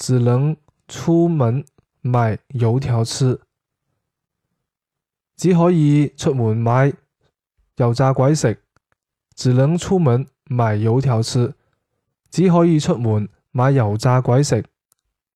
只能出門買油條吃，只可以出門買油炸鬼食，只能出門買油條吃，只可以出門買油炸鬼食。